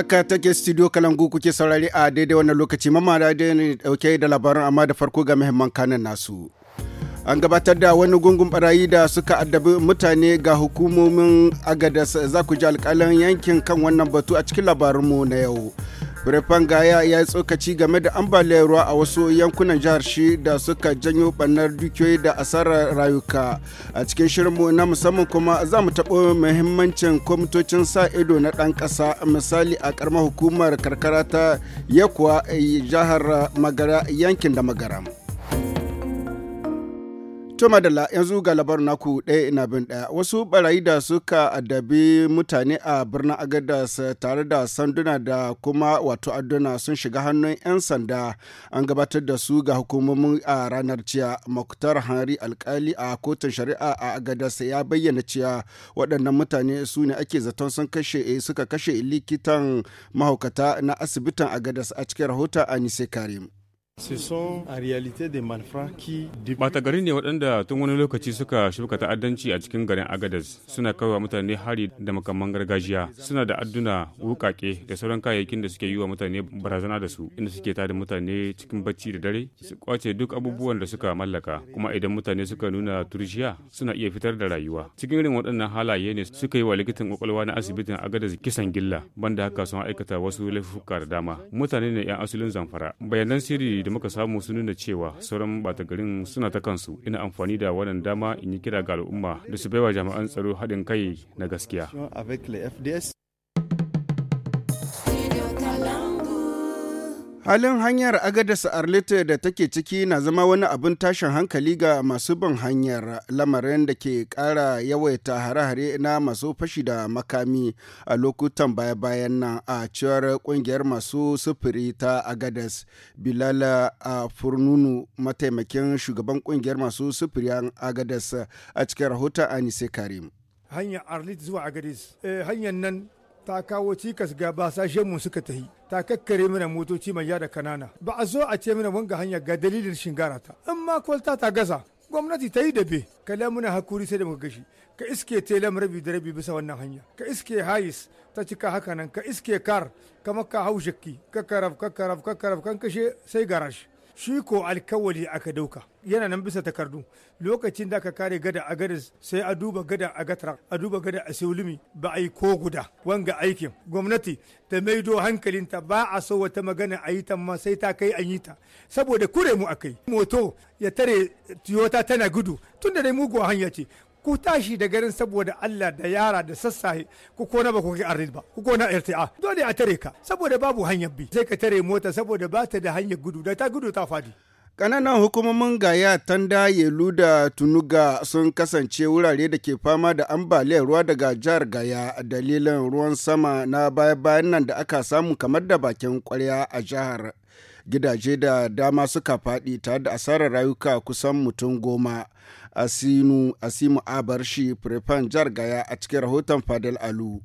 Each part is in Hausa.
Haka take studio kalangu kuke saurari a daidai wannan lokaci mamma da ne dauke da labaran amma da farko ga muhimman kanan nasu. An gabatar da wani gungun barayi da suka addabi mutane ga hukumomin agada za ku ji alkalin yankin kan wannan batu a cikin labarinmu na yau. Birfan Gaya ya tsokaci game da ambaliyar ruwa a wasu yankunan jihar shi da suka janyo bannar dukiyoyi da asarar rayuka. A cikin shirinmu na musamman kuma za mu taɓo mahimmancin kwamitocin sa ido na ɗan ƙasa misali a ƙaramar hukumar karkara ta Yakuwa eh, jihar Magara yankin da Magaram. To madalla yanzu ga labarin naku ɗaya ina bin ɗaya wasu barayi da suka adabi mutane a birnin Agadas tare da sanduna da kuma wato adduna sun shiga hannun 'yan sanda an gabatar da su ga hukumomin a ranar ciya Muktar Hanri alkali a kotun shari'a a Agadas ya bayyana cewa waɗannan mutane su ne ake zaton sun kashe eh, suka kashe likitan mahaukata na asibitin Agadas a cikin rahoton Anise Karim. matagari ne waɗanda tun wani lokaci suka shuka ta'addanci a cikin garin agadas suna wa mutane hari da makamman gargajiya suna da adduna wukake da sauran kayayyakin da suke yi wa mutane barazana da su inda suke tada mutane cikin bacci da dare su kwace duk abubuwan da suka mallaka kuma idan mutane suka nuna turjiya suna iya fitar da rayuwa cikin irin waɗannan halaye ne suka yi wa likitan kwakwalwa na asibitin agadas kisan gilla banda haka sun aikata wasu laifuka da dama mutane ne 'yan asalin zamfara bayanan sirri da muka samu sun nuna cewa sauran bata garin suna ta kansu ina amfani da wannan dama in yi kira ga al'umma da su baiwa jami'an tsaro haɗin kai na gaskiya Halin hanyar Agadas Arlita da take ciki na zama wani abin tashin hankali ga masu bin hanyar lamarin da ke ƙara yawaita hare-hare na masu fashi da makami a lokutan baya-bayan nan a cewar ƙungiyar masu sufuri ta Agadas. bilala a Furnunu mataimakin shugaban ƙungiyar masu sufuri a Agadas a cikin rahoton Anise Karim. Hanyar Arlit zuwa agadis eh, hanyar nan ta kawo cikas ga basashen mu suka tahi ta kakkare mana motoci mai yada kanana ba a zo a ce mana wanga hanya ga dalilin shingara ta in ma kwalta ta gaza gwamnati ta yi dabe ka lamuna hakuri sai da muka gashi ka iske telem rabi da rabi bisa wannan hanya ka iske hais ta cika haka nan ka iske kar kamar ka hau shakki ka karaf ka karaf ka karaf kan kashe sai garashi shi ko alkawali aka dauka yana nan bisa takardu lokacin da aka kare gada a gada sai a duba gada a gatra a duba gada a seulumi ba a yi ko guda wanga aikin gwamnati ta maido hankalinta ba a so wata magana a yi ta ma sai ta kai an yi ta saboda kure mu a akai moto ya tare toyota tana gudu tun da dai mugu hanya ce ku tashi da garin saboda Allah da yara da sassahe ku kona ba ku ga arid ba ku kona irti'a dole a tare ka saboda babu hanyar bi sai ka tare mota saboda ba ta da hanyar gudu da ta gudu ta fadi Ƙananan hukumomin gaya tanda yelu da tunuga sun kasance wurare da ke fama da ambaliyar ruwa daga jihar gaya dalilin ruwan sama na baya-bayan nan da aka samu kamar da bakin kwarya a jihar gidaje da dama suka faɗi tare da asarar rayuka kusan mutum goma asinu asimu abarshi prefan jar gaya a cikin rahoton fadal alu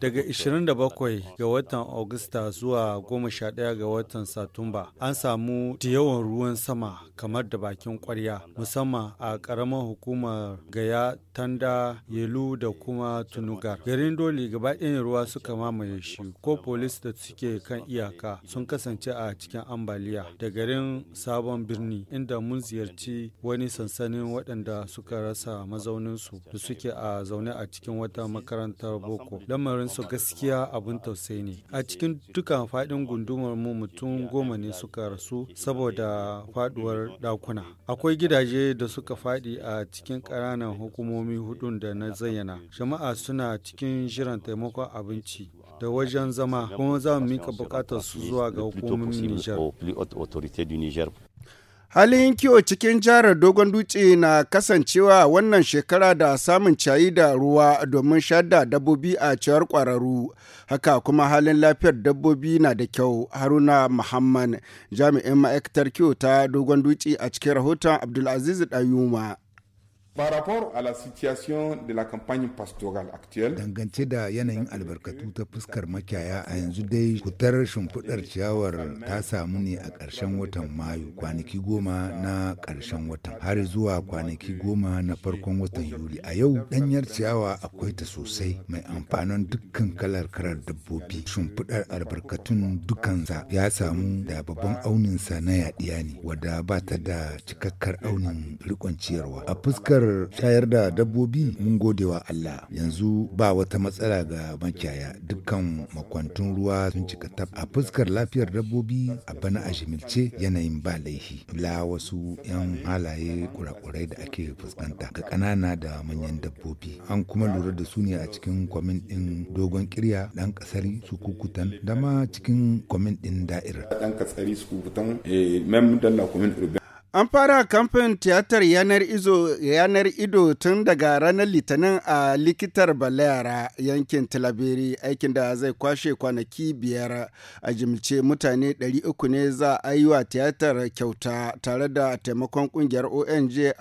Daga 27 ga watan Agusta zuwa 11 ga watan Satumba an samu da yawan ruwan sama kamar da bakin kwarya musamman a karamar hukumar gaya tanda yelu da kuma tunugar. Garin doli gaba ɗayan ruwa suka mamaye shi ko polis da suke kan iyaka sun kasance a cikin ambaliya da garin sabon birni inda mun ziyarci wani sansanin waɗanda suka rasa mazauninsu da suke a zaune a cikin wata makarantar boko lamarinsu gaskiya abin tausayi ne a cikin dukkan faɗin gundumar mu mutum goma ne suka rasu saboda faduwar dakuna akwai gidaje da suka faɗi a cikin ƙananan hukumomi hudun da na zayyana jama'a suna cikin jiran taimakon abinci da wajen zama kuma za mu mika buƙatar su zuwa ga hukumomin niger Halin kiwo cikin jihar Dogon Dutse na kasancewa wannan shekara da samun cayi da ruwa domin shadda dabbobi a cewar kwararru Haka kuma halin lafiyar dabbobi na da kyau Haruna Muhammad jami'in ma'aikatar kiwo ta Dogon Dutse a cikin rahoton Abdulaziz Dayuma. Par rapport à la situation de la campagne pastorale actuelle, dangance da yanayin albarkatu ta fuskar makiyaya a yanzu dai kutar shimfiɗar ciyawar ta samu ne a ƙarshen watan Mayu kwanaki goma na ƙarshen watan har zuwa kwanaki goma na farkon watan Yuli. A yau ɗanyar ciyawa akwai ta sosai mai amfanin dukkan kalar karar dabbobi. Shimfiɗar albarkatun dukansa ya samu da babban auninsa na yaɗiya ne wadda ba ta da cikakkar aunin riƙon ciyarwa. A fuskar Matsalar shayar da dabbobi mun gode wa Allah yanzu ba wata matsala ga makiyaya dukkan makwantun ruwa sun cika tab a fuskar lafiyar dabbobi a bana a shimilce yanayin ba laihi la wasu yan halaye kurakurai da ake fuskanta ga ƙanana da manyan dabbobi an kuma lura da su ne a cikin kwamin ɗin dogon kirya ɗan ƙasari su kukutan dama cikin kwamin ɗin da'irar. ɗan ƙasari su kukutan eh, mem dan la kwamin An fara kamfen tiyatar yanar izo yanar ido tun daga ranar Litinin a likitar Balayara yankin Tilaberi aikin da zai kwashe kwanaki biyar a jimce mutane 300 ne za a yi wa tiyatar kyauta tare da taimakon kungiyar ONG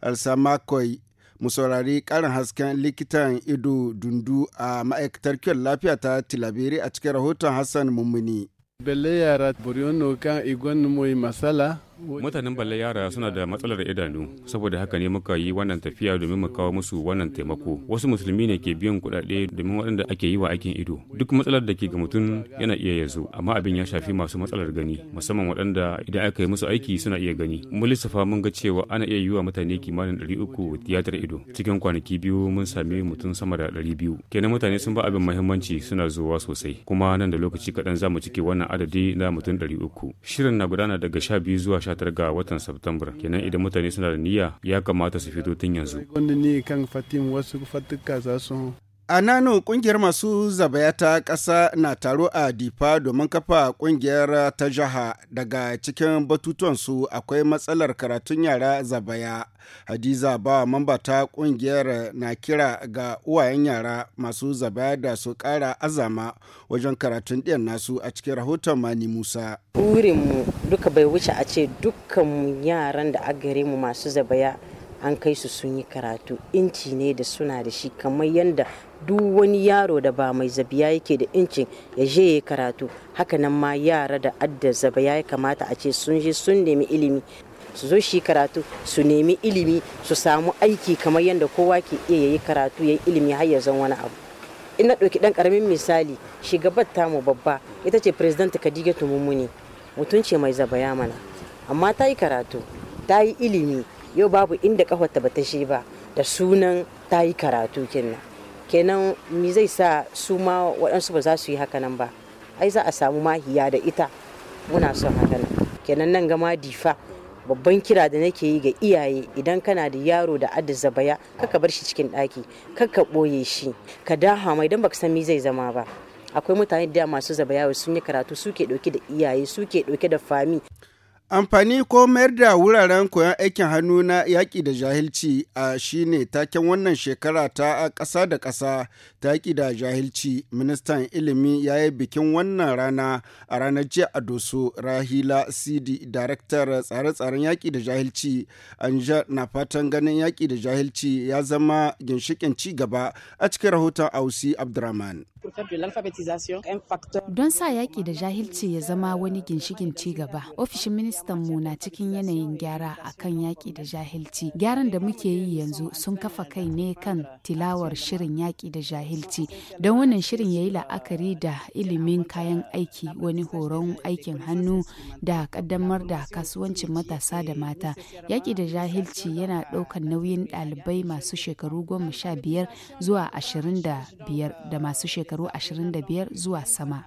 Alsa, Makoi mu saurari karin hasken likitan ido dundu a ma'aikatar kiwon lafiya ta Tilaberi a cikin rahoton Hassan Mummuni. Bele yara buriyon nukan igon masala mutanen balle yara suna da matsalar idanu saboda haka ne muka yi wannan tafiya domin mu kawo musu wannan taimako wasu musulmi ne ke biyan kuɗaɗe domin waɗanda ake yi wa aikin ido duk matsalar da ke ga mutum yana iya yazo amma abin ya shafi masu matsalar gani musamman waɗanda idan aka yi musu aiki suna iya gani mun lissafa mun ga cewa ana iya yi wa mutane kimanin ɗari uku tiyatar ido cikin kwanaki biyu mun sami mutum sama da ɗari biyu kenan mutane sun ba abin mahimmanci suna zuwa sosai kuma nan da lokaci kaɗan za mu cike wannan adadi na mutum ɗari uku shirin na gudana daga sha biyu zuwa 19 ga watan Satumbar. Kenan idan mutane suna da niyya ya kamata su fito tun yanzu. Wanda ne kan fatin wasu fatuka za su A nano kungiyar masu zabaya ta ƙasa na taro a Difa domin kafa kungiyar ta jiha daga cikin batutuwansu akwai matsalar karatun yara zabaya. Hadiza ba mamba ta kungiyar na kira ga uwayen yara masu zabaya da su ƙara azama wajen karatun ɗiyan nasu a cikin rahoton Mani Musa. wurinmu duka bai wuce a ce dukkanmu yaran da a mu masu zabaya an kai su sun yi karatu inci ne da suna da shi kamar yadda duk wani yaro da ba mai zabiya yake da incin ya je ya karatu hakanan ma yara da adda zabiya ya kamata a ce sun je sun nemi ilimi su zo shi karatu su nemi ilimi su samu aiki kamar yadda kowa ke iya yayi karatu yayi ilimi har ya zan wani abu ina ɗauki ɗan ƙaramin misali shugabar tamu babba ita ce president khadija tumummuni mutum ce mai zabaya mana amma ta yi karatu ta yi ilimi yau babu inda kafarta ba ta shi ba da sunan ta yi karatu kenan. kenan mi zai sa su ma waɗansu ba za su yi hakanan ba ai za a samu mahiya da ita muna son nan kenan nan gama difa babban kira da nake yi ga iyaye idan kana da yaro da adda baya kaka bar shi cikin ɗaki kaka ɓoye shi ka daha mai don baka san mi zai zama ba akwai mutane da masu zabayawa sun yi karatu suke ɗauke da iyaye suke ɗauke da fami Amfani ko mayar da wuraren koyon aikin hannu na yaƙi da jahilci a shine taken wannan shekara ta ƙasa da ƙasa yaƙi da jahilci ministan ilimi ya yi bikin wannan rana a ranar jiya a doso rahila cd daraktar tsare-tsaren yaƙi da jahilci anja na fatan ganin yaƙi da jahilci ya zama ginshiƙin ci gaba a cikin rahoton ausi abdurrahman Don sa yaƙi da jahilci ya zama wani ginshikin ci gaba, ofishin ministan mu na cikin yanayin gyara akan kan yaƙi da jahilci. Gyaran da muke yi yanzu sun kafa kai ne kan tilawar shirin yaƙi da jahilci. don wannan shirin ya yi la'akari da ilimin kayan aiki wani horon aikin hannu da kaddamar da kasuwancin matasa da mata yaƙi da jahilci yana ɗaukar nauyin ɗalibai masu shekaru goma sha biyar zuwa ashirin da biyar da masu shekaru ashirin da biyar zuwa sama.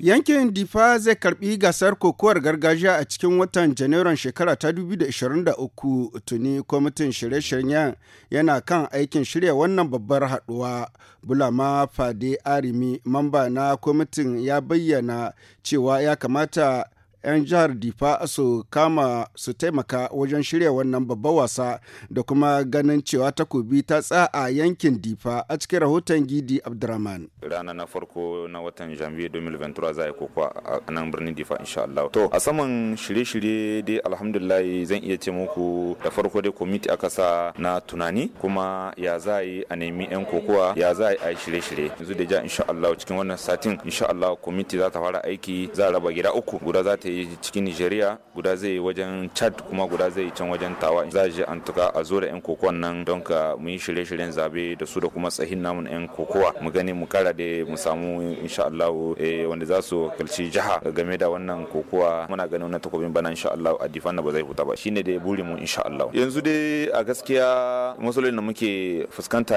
Yankin Difa zai karbi gasar kokowar gargajiya a cikin watan Janairun shekara ta 2023 tuni kwamitin shirye-shiryen yana kan aikin shirya wannan babbar haduwa. Bulama Fade Arimi, mamba na kwamitin ya bayyana cewa ya kamata 'yan jihar difa su kama su taimaka wajen shirya wannan babban wasa da kuma ganin cewa takobi ta tsa a yankin difa a cikin rahoton gidi abdurrahman rana na farko na watan janvier 2023 za a yi kokowa a nan birnin difa insha Allah to a saman shirye-shirye dai alhamdulillah zan iya ce muku da farko dai kwamiti aka sa na tunani kuma ya za a yi a nemi 'yan kokowa ya za a yi a shirye-shirye yanzu da ja insha Allah cikin wannan satin insha Allah kwamiti za ta fara aiki za a raba gida uku guda za ta ta yi cikin nigeria guda zai yi wajen chad kuma guda zai yi can wajen tawa za a je an tuka a zo da yan kokowan nan don ka mu yi shirye-shiryen zabe da su da kuma tsahin namun yan kokowa mu gani mu kara da mu samu insha Allah eh, wanda za su kalci jiha game da wannan kokowa muna ganin na takobin bana insha Allah a difan ba zai huta ba shine dai buri mu insha Allah yanzu dai a gaskiya matsalolin da muke fuskanta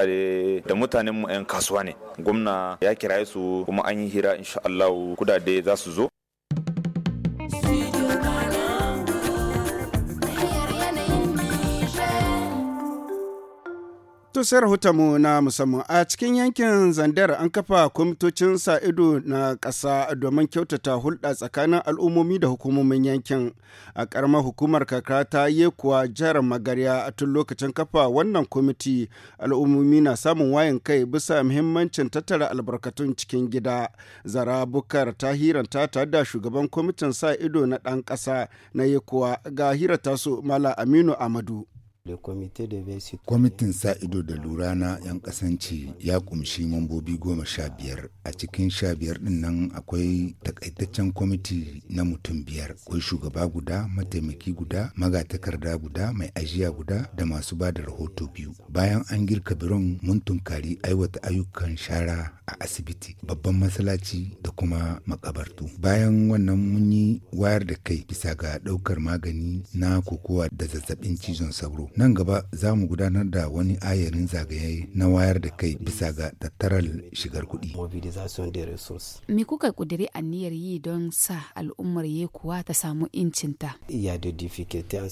da mutanen mu yan kasuwa ne gwamna ya kiraye su kuma an yi hira insha Allah kudade za su zo hutu sai rahotonmu na musamman a cikin yankin zandar an kafa kwamitocin sa ido na ƙasa domin kyautata hulɗa tsakanin al'ummomi da hukumomin yankin a ƙaramar hukumar kakara ta yi kuwa jihar magarya a tun lokacin kafa wannan kwamiti al'ummomi na samun wayan kai bisa muhimmancin tattara albarkatun cikin gida zara bukar ta hiranta tare da shugaban kwamitin sa ido na ɗan ƙasa na yi kuwa ga hirata su mala aminu amadu Kwamitin sa ido da lura na 'yan kasance ya kumshi mambobi goma sha biyar a cikin sha biyar din nan akwai takaitaccen kwamiti na mutum biyar akwai shugaba guda mataimaki guda magatakarda guda mai ajiya guda da masu ba da rahoto biyu bayan an girka biron mun tunkari aiwata ayyukan shara a asibiti babban masalaci da kuma makabartu bayan wannan mun yi wayar da kai bisa ga daukar magani na kokowa da zazzabin cizon sauro nan gaba za mu gudanar da wani ayarin zagaye na wayar da kai bisa ga tattarar shigar kuɗi. Me kuka ƙudiri aniyar yi don sa al'ummar ya kuwa ta samu incinta?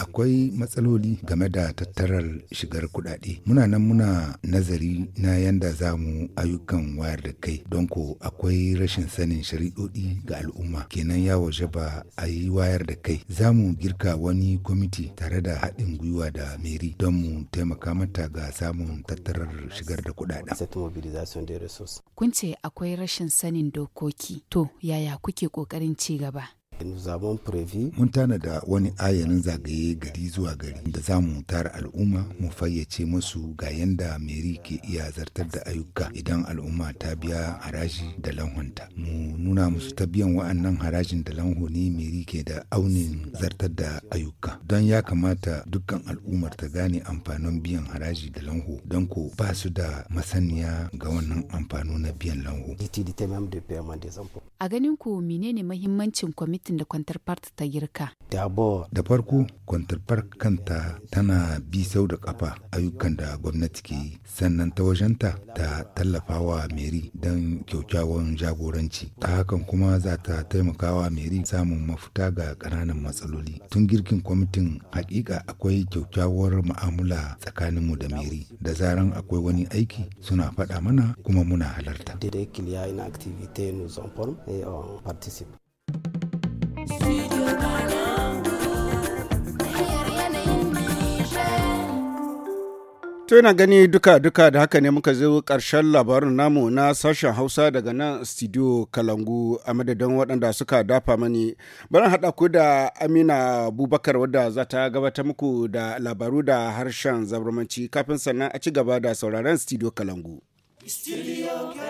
Akwai matsaloli game da tattarar shigar kuɗaɗe. Muna nan muna nazari na yanda za mu ayyukan wayar da kai don ko akwai rashin sanin shari'o'i ga al'umma kenan ya waje ba a yi wayar da kai. Za mu girka wani kwamiti tare da haɗin gwiwa da mai don mu taimaka mata ga samun tattarar shigar da kuɗaɗen. Kun ce akwai rashin sanin dokoki, to yaya kuke ƙoƙarin ci gaba? Mun tana da wani ayanin zagaye gari zuwa gari da za mu tara al'umma mu fayyace musu ga yanda meri ke iya zartar da ayyuka idan al'umma ta biya haraji da lanhonta. Mu nuna musu ta biyan wa'annan harajin da lanho ne meri ke da aunin zartar da ayyuka. Don ya kamata dukkan al'ummar ta gane amfanin biyan haraji da lanho don ko ba su da masaniya ga wannan amfano na biyan lanho. A ganin ku menene mahimmancin kwamitin gwamnatin da kwantar part ta girka. Da farko kwantar park kanta tana bi sau da kafa ayyukan da gwamnati ke sannan ta wajenta ta tallafawa meri don kyaukyawan jagoranci ta hakan kuma za ta taimakawa meri samun mafita ga ƙananan matsaloli tun girkin kwamitin hakika akwai kyaukyawar mu'amala tsakaninmu da meri da zaran akwai wani aiki suna faɗa mana kuma muna halarta. To yana gani duka-duka da haka ne muka zo karshen labarin namu na sashen Hausa daga nan studio Kalangu a madadin waɗanda suka dafa mani. Bari haɗa ku da Amina Abubakar wadda za ta gabata muku da labaru da harshen zabarmanci kafin sannan a ci gaba da sauraren studio Kalangu. Studio Kalangu.